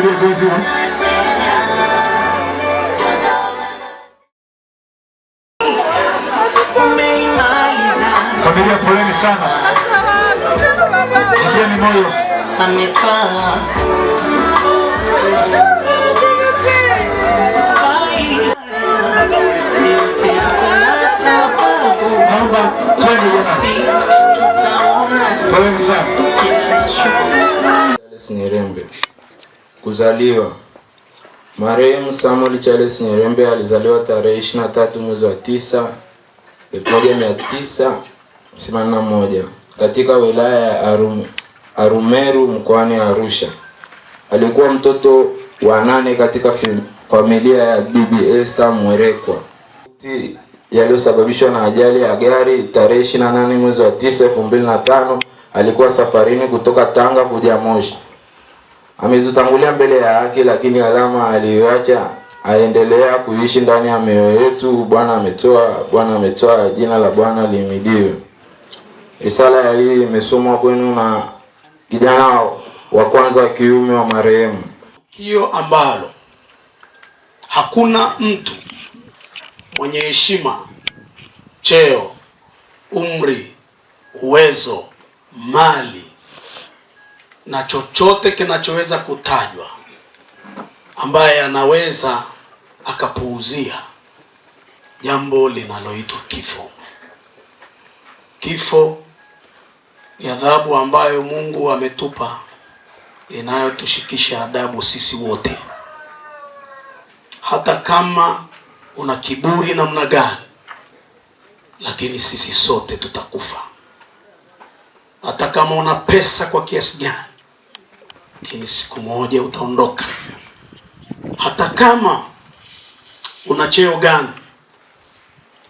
Salut les plaisirs. Familia, poleni sana, jipieni moyo. Naomba twende, poleni sana. Kuzaliwa. Marehemu Samuel Charles Nyerembe alizaliwa tarehe 23 mwezi wa 9 1981 katika wilaya ya Arum, Arumeru mkoani Arusha. Alikuwa mtoto wa nane katika familia ya Bibi Esther Mwerekwa. Yaliyosababishwa na ajali ya gari tarehe 28 mwezi wa 9 2005, alikuwa safarini kutoka Tanga kuja Moshi ametutangulia mbele ya haki, lakini alama aliyoacha aendelea kuishi ndani ya mioyo yetu. Bwana ametoa, Bwana ametoa, jina la Bwana limidiwe Risala ya hii imesomwa kwenu na kijana wa kwanza wa kiume wa marehemu, hiyo ambalo hakuna mtu mwenye heshima, cheo, umri, uwezo, mali na chochote kinachoweza kutajwa ambaye anaweza akapuuzia jambo linaloitwa kifo. Kifo ni adhabu ambayo Mungu ametupa inayotushikisha adabu sisi wote, hata kama una kiburi namna gani, lakini sisi sote tutakufa. Hata kama una pesa kwa kiasi gani ni siku moja utaondoka, hata kama una cheo gani,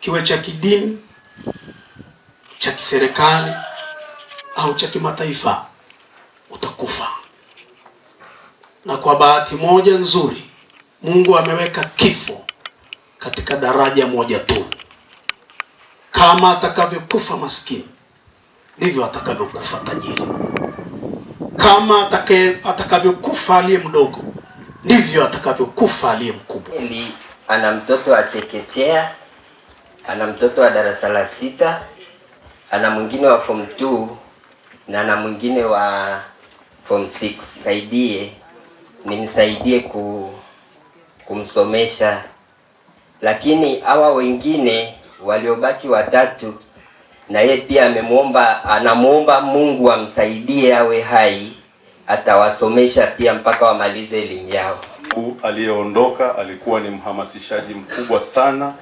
kiwe cha kidini, cha kiserikali au cha kimataifa, utakufa. Na kwa bahati moja nzuri, Mungu ameweka kifo katika daraja moja tu. Kama atakavyokufa maskini, ndivyo atakavyokufa tajiri. Kama atake atakavyokufa aliye mdogo ndivyo atakavyokufa aliye mkubwa. Ni ana mtoto wa chekechea, ana mtoto wa darasa la sita, ana mwingine wa form 2 na ana mwingine wa form 6. Saidie nimsaidie ku, kumsomesha, lakini hawa wengine waliobaki watatu na yeye pia amemuomba, anamuomba Mungu amsaidie awe hai, atawasomesha pia mpaka wamalize elimu yao. Aliyeondoka alikuwa ni mhamasishaji mkubwa sana,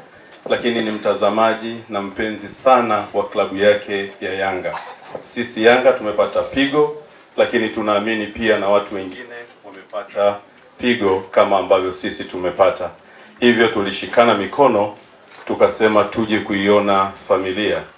lakini ni mtazamaji na mpenzi sana wa klabu yake ya Yanga. Sisi Yanga tumepata pigo, lakini tunaamini pia na watu wengine wamepata pigo kama ambavyo sisi tumepata. Hivyo tulishikana mikono tukasema tuje kuiona familia